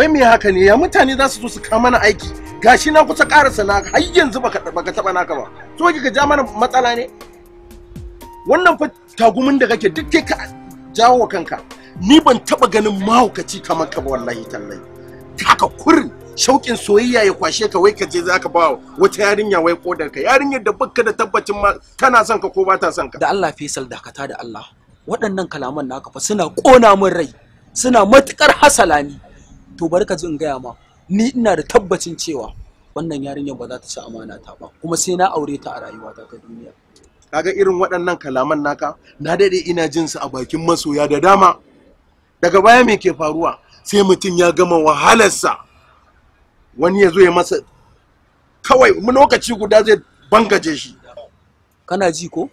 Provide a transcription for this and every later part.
wai me haka ne ya mutane za su zo su kama na aiki gashi na kusa karasa na har yanzu baka baka taba naka ba to ka ja mana matsala ne wannan fa tagumin da kake duk kai ka jawo wa kanka ni ban taba ganin mahaukaci kamar ka ba wallahi tallahi haka kurin shauƙin soyayya ya kwashe ka wai ka je za ka ba wata yarinya wai kodar ka yarinyar da baka da tabbacin ma kana son ka ko ba ta son ka da Allah fi dakata da Allah waɗannan kalaman naka fa suna ƙona min rai suna matukar hasala to bari ka ji in gaya ma ni ina da tabbacin cewa wannan yarinyar ba za ta ci amana ta ba kuma sai na aure ta a rayuwata ta duniya kaga irin waɗannan kalaman naka na dade ina jin su a bakin masoya da dama daga baya me ke faruwa sai mutum ya gama wahalarsa wani ya zo ya masa kawai lokaci guda zai bangaje shi kana ji ko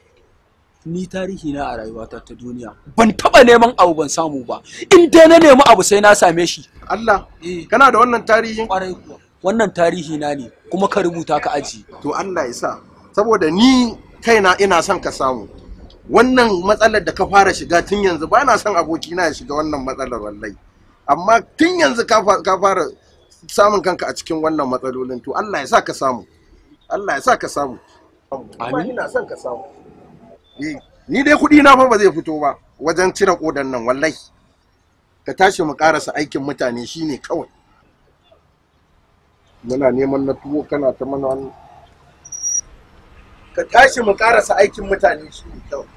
ni tarihi na a rayuwata ta duniya ban taba neman abu ban samu ba in dai na nemi abu sai na same shi Allah eh. kana da wannan tarihin kwarai kuwa wannan tarihi na ne kuma ka rubuta ka aji to Allah ya sa saboda ni kaina ina son ka samu wannan matsalar da ka fara shiga tun yanzu ba na son abokina ya shiga wannan matsalar wallahi amma tun yanzu ka fara samun kanka a cikin wannan matsalolin to Allah ya sa ka samu Allah ya sa ka samu amma ina son ka samu Eh, ni dai kuɗi na fa ba zai fito ba wajen cire kodan nan wallahi ka tashi mu karasa aikin mutane shine kawai muna neman na tuwo kana ta mana ka tashi mu karasa aikin mutane shine kawai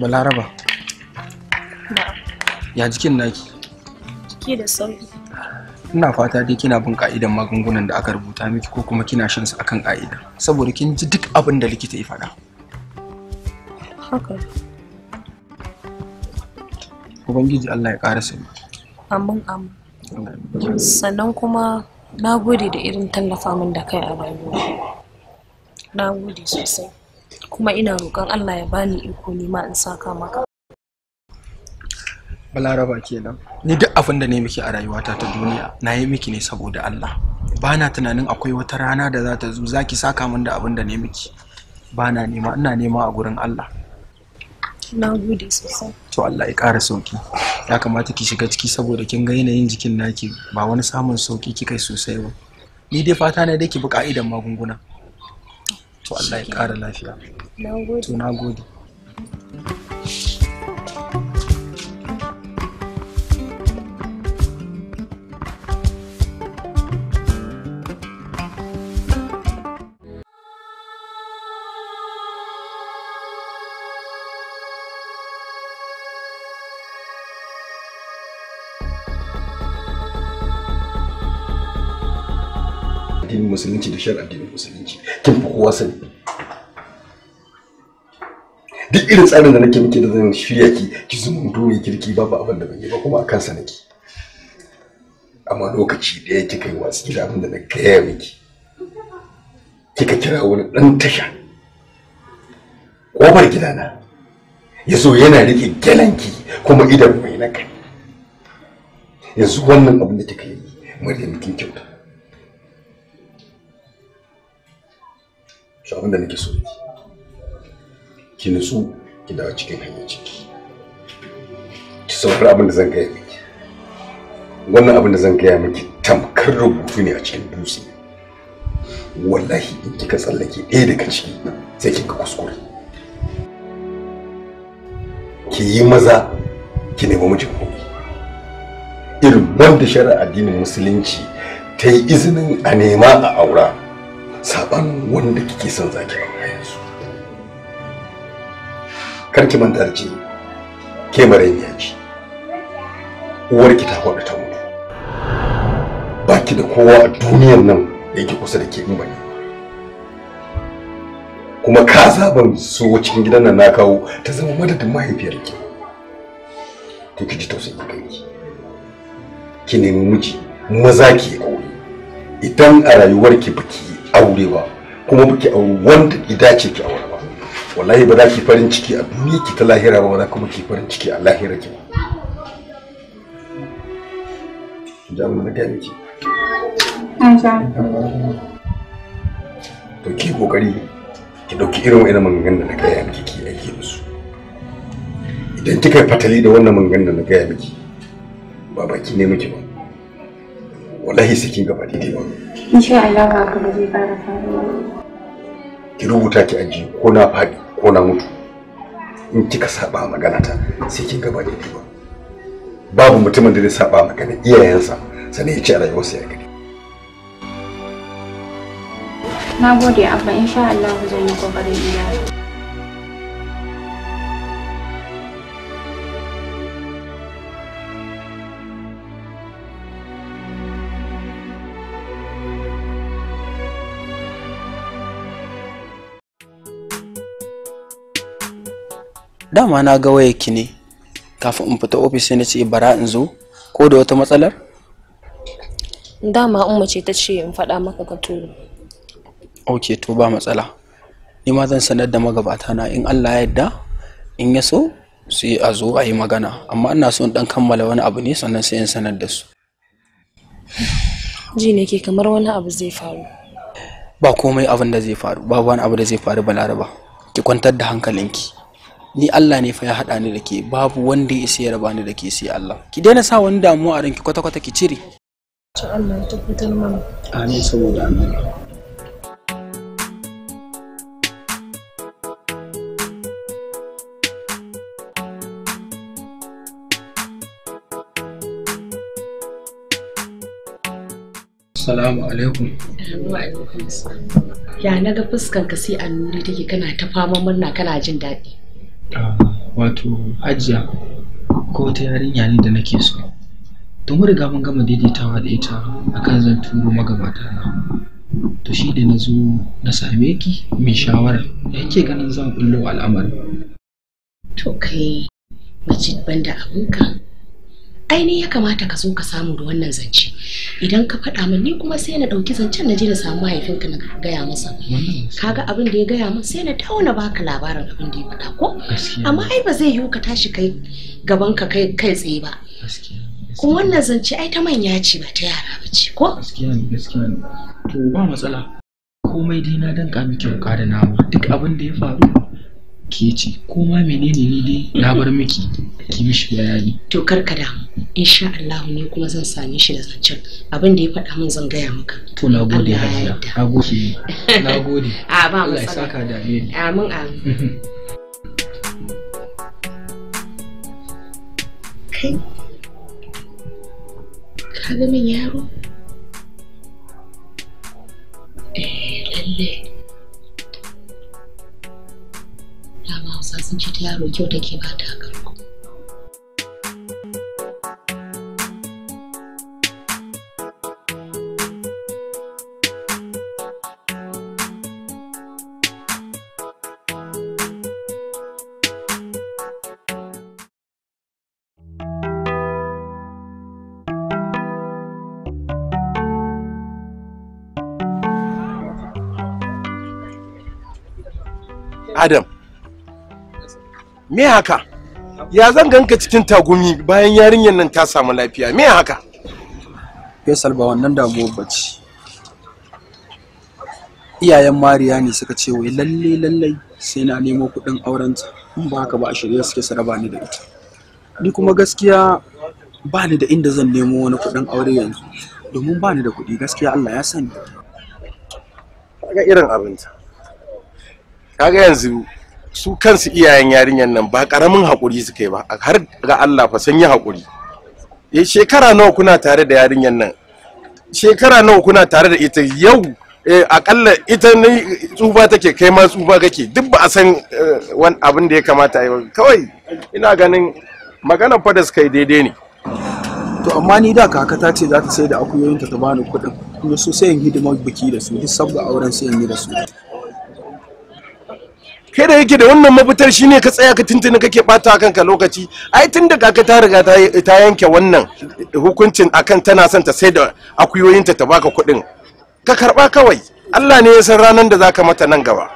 balaraba ya jikin naki jiki da sauki ina fata dai kina bin ka'idan magungunan da aka rubuta miki ko kuma kina shan su akan ka'ida saboda kin ji duk abin da likita ya faɗa haka ubangiji Allah ya ƙara sani amin amin sannan kuma na gode da irin tallafa min da kai a rayuwa na gode sosai kuma ina roƙon Allah ya bani iko ma in saka maka balaraba kenan ni duk abin da ne miki a rayuwata ta duniya na yi miki ne saboda Allah ba tunanin akwai wata rana da za ta zo za ki saka min da abin da ne miki ba nema ina nema a gurin Allah na gode sosai to Allah ya ƙara sauki ya kamata ki shiga ciki saboda kin ga yanayin jikin naki ba wani samun sauki kika sosai ba ni dai fata ne dai ki bi ka'idan magunguna to Allah ya kara lafiya to na gode addinin musulunci da shar addinin musulunci kin fi kowa sani duk irin tsarin da nake muke da zan shirya ki ki zumunto mai kirki babu abin da ban ba kuma a kansa nake amma lokaci ɗaya kika kai watsi da abin da na gaya miki kika kira wani ɗan tasha kofar gidana ya zo yana rike gelanki kuma idan mai na kai yanzu wannan abin da kika yi maryam kin kyauta shi abin da nake so ki nutsu ki dawo cikin hanyar ciki ki saurari abin da zan gaya miki wannan abin da zan gaya miki tamkar rubutu ne a cikin dutse wallahi in kika tsallake ɗaya daga ciki sai kika kuskure ki yi maza ki nemi mijin kuɗi irin wanda shari'a addinin musulunci ta yi izinin a nema a aura saɓan wanda kike son zaki ba. karki ki manta da jini ke maraimiya uwar ki ta faɗi ta mutu ba ki da kowa a duniyar nan da yake kusa da ke in bane kuma ka zaban su cikin gidan nan na kawo ta zama madadin mahaifiyar ki to ki ji tausayi kanki ki nemi miji maza ki aure idan a rayuwar ki biki aure ba kuma biki aure wanda ki dace ki aure wallahi ba za ki farin ciki a duniya ki ta lahira ba ba za kuma ki farin ciki a lahira ki ja na gani ki to ki kokari ki dauki irin wannan maganganun da na gaya miki ki aiki da idan kika fatali da wannan maganganun da na gaya miki ba baki ne miki ba wallahi sai kin gaba daidai ba insha Allah ba ka ba zai fara faruwa ki rubuta ki aji ko na faɗi ko na mutu in kika saba magana ta sai ga gaba da ba babu mutumin da zai saba magana iyayensa sannan ya ce rayuwar rayuwarsa ya gani na gode abba insha Allah zan yi kokarin iyali dama na ga wayarki ne kafin in fita ofis sai na ce bara in zo ko da wata matsalar dama umma ce ta ce in faɗa maka ka turo ok to ba matsala ni ma zan sanar da magabata na in Allah ya yarda in ya so sai a zo a yi magana amma ina so in dan kammala wani abu ne sannan sai in sanar da su ji ne ke kamar wani abu zai faru ba komai abin da zai faru ba wani abu da zai faru balaraba ki kwantar da hankalinki ni Allah ne fa ya haɗa ni da ke babu wanda ya isa ya raba ni da ke sai Allah ki daina sa wani damuwa a ranki kwata kwata ki cire to Allah ya tabbatar mana amin saboda amin Assalamu alaikum. Ya na ga fuskanka sai a nuri take kana ta fama murna kana jin daɗi. wato hajiya ko wata yarinya ne da nake so to mun riga mun gama daidaitawa da ita akan zan turo magabata na to shi da nazo zo na same ki mai shawara yake ganin zan kullo al'amari to kai mace banda abinka ai ne ya kamata ka zo ka samu da wannan zance idan ka faɗa min ni kuma sai na ɗauki zancen na je na samu mahaifinka na gaya masa kaga abin da ya gaya min sai na dawo baka labarin abin da ya faɗa ko amma ai ba zai yiwu ka tashi kai gaban ka kai kai tsaye ba kuma wannan zance ai ta manya ce ba ta yara ba ce ko to ba matsala komai dai na danka miki wuka da nama duk abin da ya faru ke ce ko ma menene ni dai na bar miki ki mishi bayani to karkada insha Allah ne kuma zan same shi da zancen abin da ya faɗa min zan gaya maka to na gode hajiya na gode na gode a ah, ba mu saka da ni amin amin kai ka ga min yaro eh lalle sun ce ta yaro kyau take ba ta haka me haka ya zan ganka cikin tagumi bayan yarinyar nan ta samu lafiya me haka faisal ba wannan damuwar ba ce iyayen mariya ne suka ce wai lalle lalle sai na nemo kuɗin aurenta in ba haka ba a shirye suke su ni da ita ni kuma gaskiya ba ni da inda zan nemo wani kuɗin aure yanzu domin ba ni da kuɗi gaskiya Allah ya sani kaga irin abinta kaga yanzu su kansu iyayen yarinyar nan ba karamin haƙuri suka yi ba har ga Allah fa sun yi haƙuri eh shekara nawa kuna tare da yarinyar nan shekara nawa kuna tare da ita yau eh, akalla ita ne tsufa take kai ma tsufa kake duk ba a san eh, wani abin da ya kamata yi kawai ina ganin magana fa da suka yi daidai ne to amma ni da kaka ta ce za ta sai da akuyoyinta ta bani kuɗin kuma so sai yin hidimar biki da su duk saboda auren sai yin da su kai da yake da wannan mafitar shine ka tsaya ka tuntuni kake bata kanka lokaci ai tun da kaka ta riga ta yanke wannan hukuncin akan tana son ta sai da akuyoyinta ta baka kuɗin ka karba kawai Allah ne ya san ranar da zaka mata nan gaba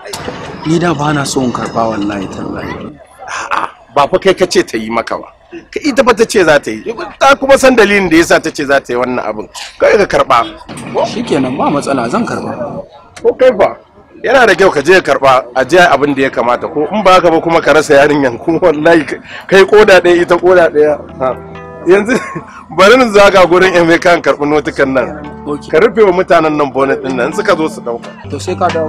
ni da bana so in karba wallahi tallahi a'a ba fa kai kace ta yi maka ba ka ita ba ta ce za ta yi ta kuma san dalilin da yasa ta ce za ta yi wannan abin kai ka karba shikenan ba matsala zan karba ko kai ba yana da kyau ka je karba a je abin da ya kamata ko in ba ka ba kuma ka rasa yarinyan ko wallahi kai koda ɗaya ita koda ɗaya yanzu bari na zaga gurin yan mai kan karɓi notukan nan ka rufe wa mutanen nan bonnet din nan suka zo su ɗauka to sai ka dawo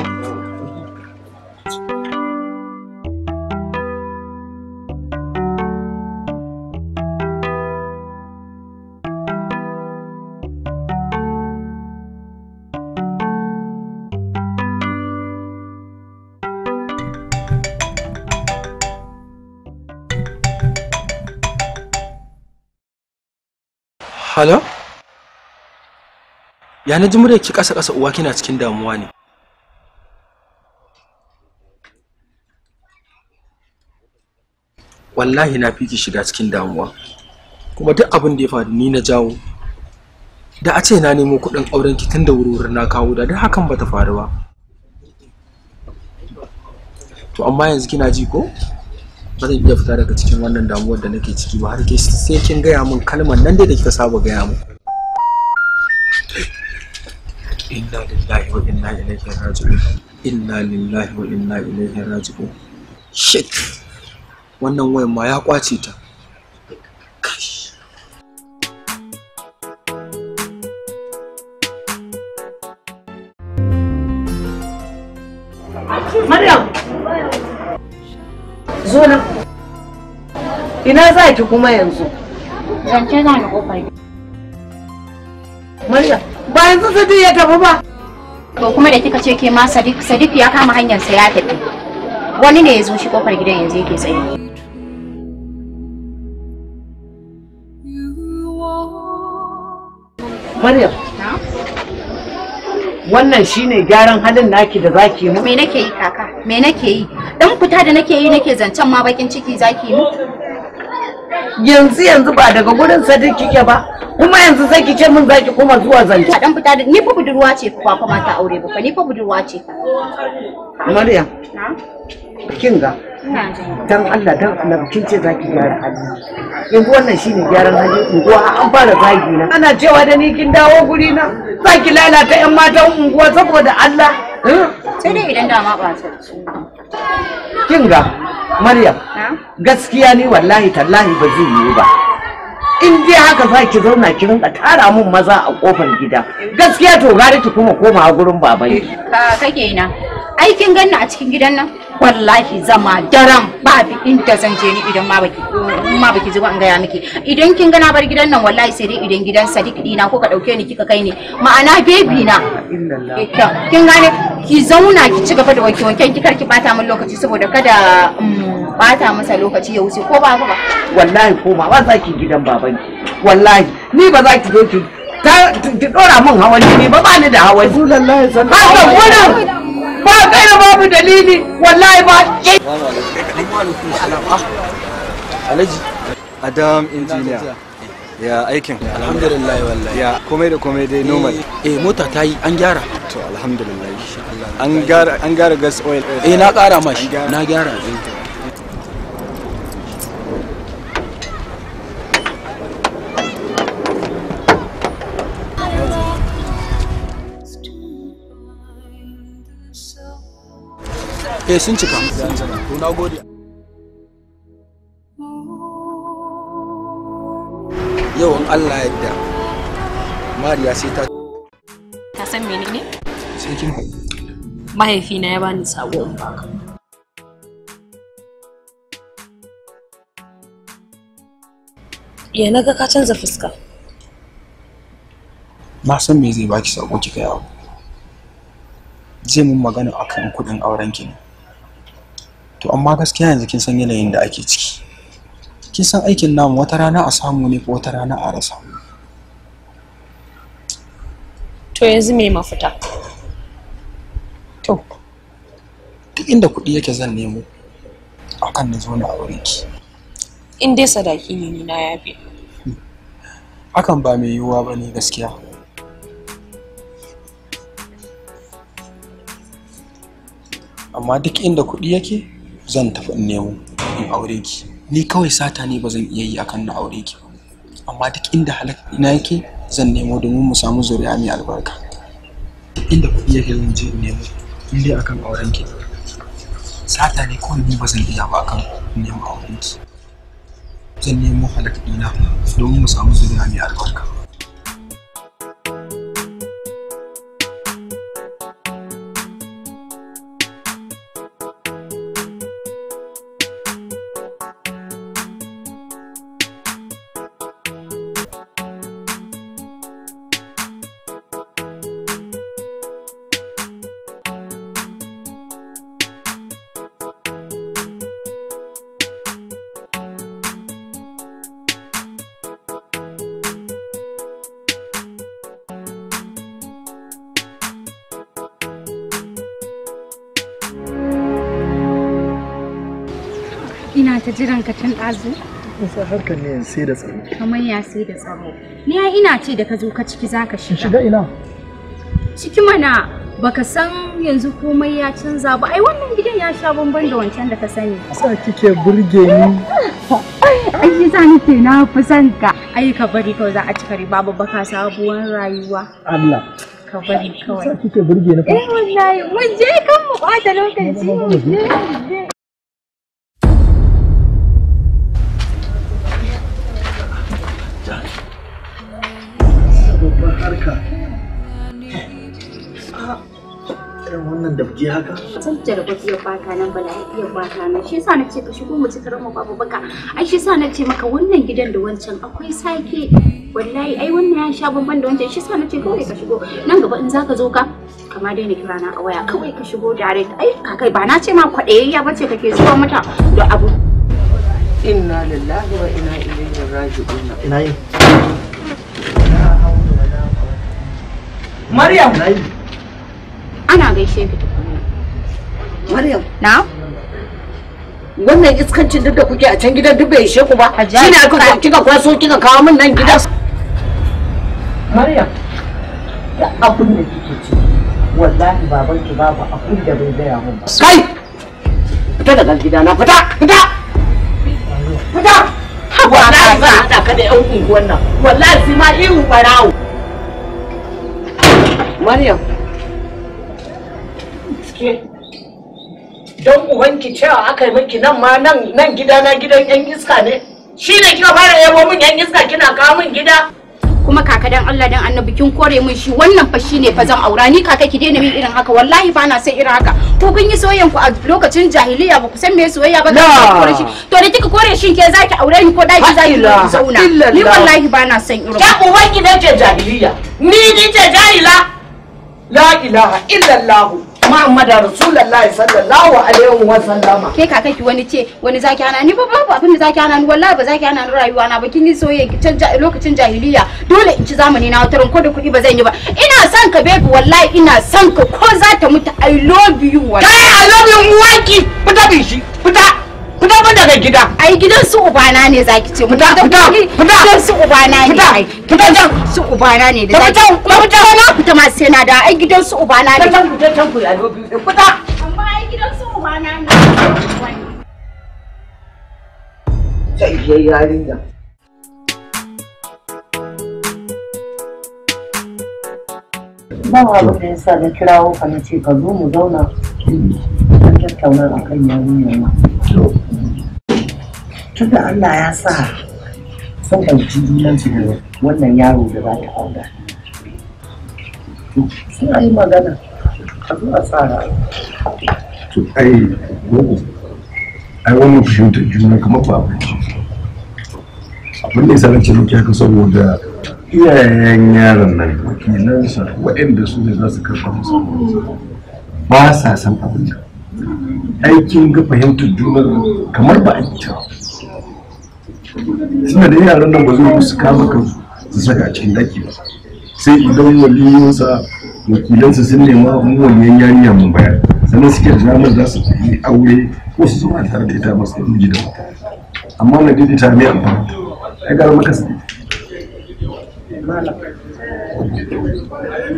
Hello? Ya na ji ki ƙasa ƙasa uwa kina cikin damuwa ne. Wallahi na fi ki shiga cikin damuwa. Kuma duk abin da ya faru ni na jawo. Da a ce na nemo kuɗin auren ki tun da na kawo da duk hakan bata faru ba. To amma yanzu kina ji ko? ba zan iya fita daga cikin wannan damuwar da nake ciki ba har ke sai kin gaya min kalmar nan dai da kika saba gaya min inna lillahi wa inna ilaihi raji'un inna lillahi wa inna ilaihi raji'un shit wannan wayan ma ya kwace ta ina za ki kuma yanzu zance na da kofar Maryam ba yanzu Sadiq ya tafi ba to kuma da kika ce ke ma Sadiq Sadiq ya kama hanyar sa ya tafi wani ne ya zo shi kofar gidan yanzu yake tsaye Maryam wannan shine gyaran halin naki da zaki mu me nake yi kaka me nake yi dan fita da nake yi nake zancen ma bakin ciki zaki mu yanzu yanzu ba daga gurin sadin kike ba kuma yanzu sai ki ce min zaki kuma zuwa zance dan fita ni fa budurwa ce fa fa mata aure ba ni fa budurwa ce Maryam kin ga dan Allah dan Allah kin ce zaki gyara hali yanzu wannan shine gyaran hali unguwa an fara zagi na ana cewa da ni kin dawo guri na zaki lalata yan matan unguwa saboda Allah sai ba maryam gaskiya ni wallahi tallahi ba zai yi ba in dai haka za ki zauna ki rinka tara mun maza a kofar gida gaskiya to gari tukuma koma gurin baban ka kake na aikin ganna a cikin gidan nan wallahi zama daren babu inda zan je ni idan ma baki ma baki zuba an gaya miki idan kin gana bar gidan nan wallahi sai dai idan gidan Sadiq dina ko ka dauke ni kika kai ni ma'ana baby na kin gane ki zauna ki ci gaba da wanke wanken ki karki bata min lokaci saboda kada bata mm, masa lokaci ya wuce ko ba ba wallahi ko ba ba zaki gidan babanki wallahi ni ba za ki zo ki dora min hawan ni ba ba ni da hawan sallallahu alaihi wasallam ba kai da babu dalili wallahi ba alhaji adam engineer ya aikin alhamdulillah wallahi ya komai da komai dai normal eh, eh mota ta yi an gyara to alhamdulillah an gyara an gyara gas oil eh na kara mashi na gyara eh sun cika to na gode yau an Allah ya yarda Mariya sai ta ka san menene sai kin mahaifina ya bani sabo in baka ya naga ka canza fuska na san me zai baki sako kika yawo zai mun magana akan kuɗin auren ne to amma gaskiya yanzu kin san yanayin da ake ciki kin san aikin namu wata rana a samu ne ko wata rana a rasa to yanzu me mafita to duk inda kuɗi yake zan nemo akan na zo na aure ki in dai sadaki ne ni na yafe hakan ba mai yiwuwa ba ne gaskiya amma duk inda kuɗi yake zan tafi in nemo in aure ki ni kawai sata ne ba zan iya yi akan na aure ki amma duk inda halaka ina yake zan nemo domin mu samu zuriya mai albarka duk inda kuɗi yake zan je in nemo in dai akan auren ki sata ne kawai ni ba zan iya ba akan nemo auren ki zan nemo halaka ina domin mu samu zuriya mai albarka ta jiran ka tun ɗazu? Kusa harkar ne sai da tsaro. Kamar ya sai da tsaro. Ni ai ina ce da ka zo ka ciki za ka shiga. Shiga ina? Ciki mana baka san yanzu komai ya canza ba ai wannan gidan ya sha bamban da wancan da ka sani. Sa kike burge ni. Ai ni za ni ke na fi son ka. Ai ka bari kawai za a ci kare, babu baka sabuwar rayuwa. Allah. ka bari kawai. Sa kike burge ni fa. Eh wallahi mun je kan mu bata lokaci mun je. da dafke haka? da gwaji ya baka nan bala ya baka nan shi yasa na ce ka shigo mu cikin karan babu baka ai shi yasa na ce maka wannan gidan da wancan akwai sake wallahi ai wannan ya sha babban da wancan shi yasa na ce kawai ka shigo nan gaba in zaka zo ka kama ni kira na a waya kawai ka shigo direct ai kakai ba na ce ma kwaɗayayya bace kake zuwa mata da abu inna lillahi wa inna ilaihi raji'un ina yi Maryam. ana gaishe ki Maryam. Na? Wannan iskancin duk da kuke a can gidan duk bai ishe ku ba. Shi ne aka kika kwaso kika kawo min nan gidan. Maryam. ya abun da kike ci. Wallahi baban ki babu abin da bai gaya mun ba. Kai! Fita daga gidana fita fita. Fita. Wallahi ba haɗa ka da ƴan unguwan nan. Wallahi sai ma ihu barawo. Maryam. gaske don ubanki cewa aka yi miki nan ma nan gida na gidan yan iska ne shi ne kika fara yabo min yan iska kina kawo min gida kuma kaka dan Allah dan annabi kin kore min shi wannan fa shine fa zan aura ni kaka ki daina min irin haka wallahi fa na sai irin haka ko kun yi soyayyen ku a lokacin jahiliya ba ku san me soyayya ba da kore shi to da kika kore shi ke zaki aure ni ko da ki zaki zauna ni wallahi ba na san irin ka ubanki ne ce jahiliya ni ni ce jahila la ilaha illallah Muhammadu Rasulullahi sallallahu alaihi wa sallam. Ke kaka ki wani ce wani zaki ana ni ba babu abin da zaki ana ni wallahi ba zaki ana ni rayuwa na ba kin yi soye ki canja lokacin jahiliya dole in ci zamani na watarin ko da kuɗi ba zan yi ba. Ina son ka baby wallahi ina son ka ko za ta mutu I love you wallahi. Kai I love you uwaki fita din shi fita. fita mun daga gida ai gidan su ubana ne zaki ce mu fita fita fita gidan su ubana ne ai fita jan su ubana ne da zaki kuma fita na fita ma sai na da ai gidan su ubana ne tan fita tan ku ya lobi fita amma ai gidan su ubana ne sai yayi yarinya ba abin da yasa na kirawo ka na ce ka zo mu zauna tattauna akan yarinya ma tunda Allah ya sa sun ɗauki junansu da wannan yaro da za ta aura sun a yi magana a zo a tsara to ai gogo ai wannan fahimtar juna kamar ba abinci abin da ya sanar ce muke haka saboda iyayen yaron nan wakilansa waɗanda su ne za su karɓa musu ba sa san abin da aikin ga fahimtar juna kamar ba a yi ta suna da yaran nan ba zai su kama kan su saka cikin daki ba sai idan waliyinsa wakilansa sun nema wani waliyan yariya mun bayar sannan suke da damar za su yi aure ko su zama tare da ita ba su ɗan gidan amma na gidi ta ne amfani ya gara maka su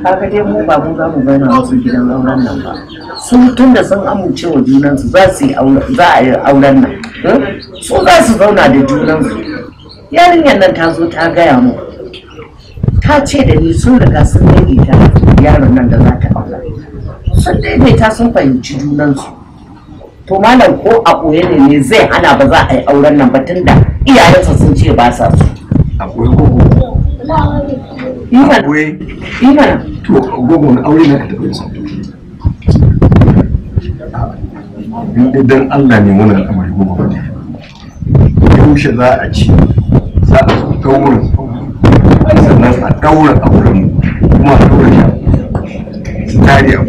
kaga dai mu ba mu za mu bayyana musu gidan auren nan ba su tun da sun amince wa junansu za su yi auren nan hmm? su za su zauna da junansu yarinyar nan ta zo ta gaya mu ta ce da ni sun riga sun daidaita yaron nan da za ta aura sun daidaita sun fahimci junansu to malam ko a ɓoye ne ne zai hana ba za a yi auren nan ba tunda iyayensa sun ce ba sa su a koye ko Iman. Iman. To, gogo na aure na ka tafi da sabbi. Dan Allah ne wannan al'amari gogo ba ne. yaushe za a ci za a su ta wurin sannan a daura wurin kuma a daura shi tare a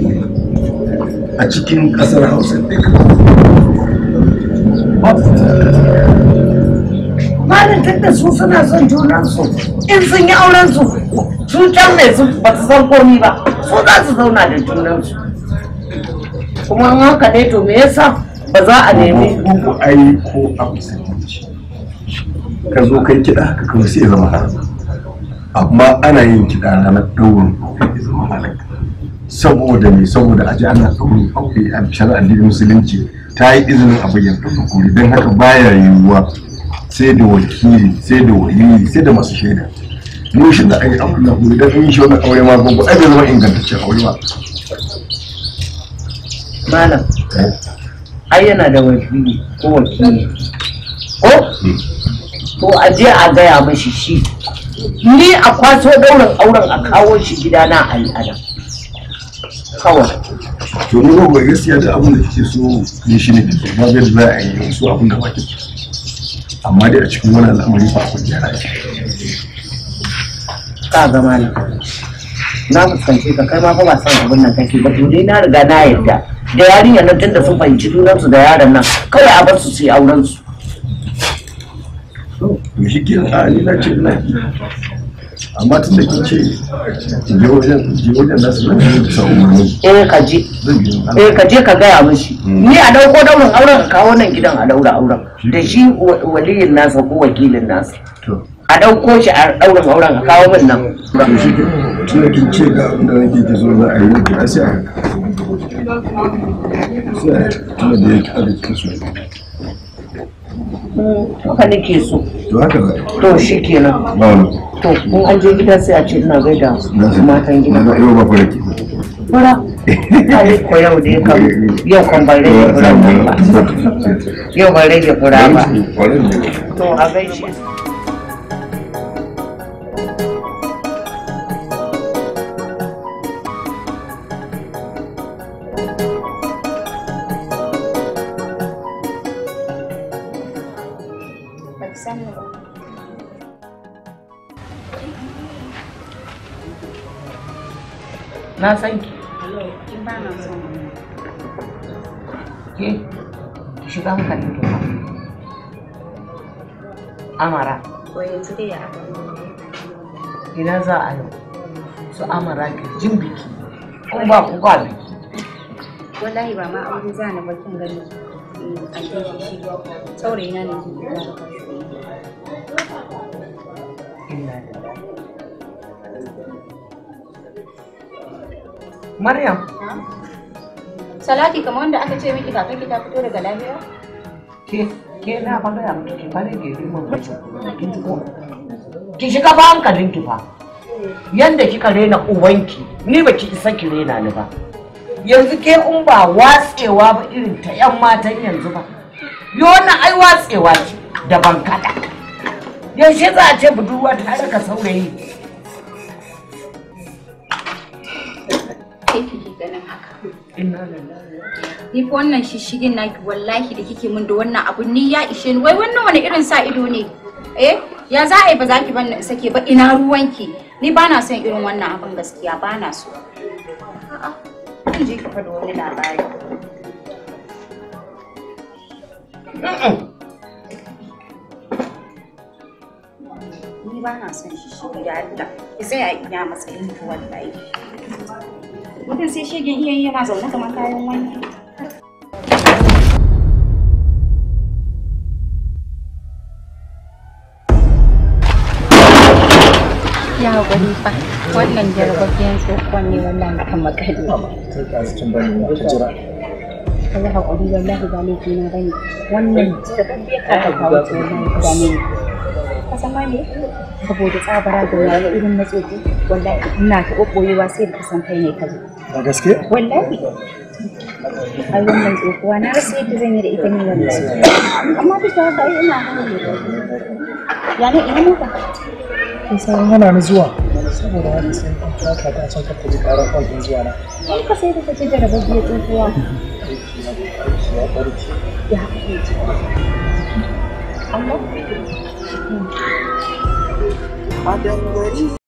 a cikin kasar hausa duka malin tattar su suna son junansu in sun yi auren su can mai su ba su san komi ba su za su zauna da junansu kuma haka ne to me yasa ba za a nemi ko ai ko amsa ka zo kai kiɗa ka kawo sai zama haram amma ana yin kiɗa ranar ɗaurin aure zama saboda me saboda aji ana ɗaurin aure a shari'ar musulunci ta yi izinin a bayyana ɗaurin don haka baya yiwuwa sai da wakili sai da waliyi sai da masu shaida mun shi da ai abin da kuma idan yi shi wani aure ma ba ku ai zama ingantaccen aure ba malam eh? ai yana da wakili ko wakili ko hmm. to a je a gaya mashi shi ni a kwaso daurin auren a kawo shi gidana a al'ada kawai to ni ba gaskiya da abin da kike so ni shi ne ba zai da a yi su abin da ba kike amma dai a cikin wannan al'amari ba ku gyara shi ka ga malam na fuskanci ka kai ma fa ba san abin nan kake ba to dai na riga na yarda da yarinya na tunda sun fahimci junansu da yaran nan kawai a bar su su yi auren su to shi na ce na amma tun da kin ce je wajen nasu na ji sa umarni eh ka je eh ka je ka gaya mishi hmm. ni a dauko daurin auren ka kawo nan gidan a daura auren da shi waliyin nasa ko wakilin nasa a dauko shi a daurin auren a kawo min nan tun da kin ce ga nake zo a yi sai a tun da ya haka nake so to to shi kenan to in an je gida sai a ce ina gaida matan gida na yau ba fara ki fara ai ko yau da yau yau kan rage fura ba yau ban rage fura ba to a gaishe na san ki ke ki shiga hankalin ki amara ina za a yi su amara ki jin biki kun ba ku ba biki wallahi ba ma an za na bakin gani eh, a shi shi saurayi na ne ke da Maryam. Salati kamar wanda aka ce miki kafin ki ta fito daga lafiya? Ke, ke na fa gaya miki ki fara ke yi mun bace. Kin ji Ki shiga ba hankalin ki fa. Yanda kika rena uwanki, ni baki isa ki rena ni ba. Yanzu ke in ba watsewa ba irin ta yan matan yanzu ba. Yo wannan ai watsewa ce da bankada. Yaushe za a ce budurwa ta aka saurayi Ni fa wannan shishigin naki wallahi da kike mun da wannan abu ni ya ishe ni wai wannan wani irin sa ido ne eh ya za a yi ba za ki ban sake ba ina ruwanki ni ba na son irin wannan abin gaskiya ba na so. A'a, kun je ki faɗi wani labari. Ni ba na son shi shi da Allah. Ki tsaya ina matsayin ki wallahi. Wutan sai shegen iya yi yana zaune kamar kayan Ya fa, wannan jarbabiyan tsohon ne wannan kan Allah laifi na bane. Wannan ta ta da ne. kasan ne saboda tsabara da irin matsoki ina sai da kai ne ka zo da gaske wallahi ai na yadda zan yi da ita ne wallahi amma duk da haka ina ya ne ina kun san ni zuwa saboda haka sai ta san karar zuwa na ka sai da Allah Adam gari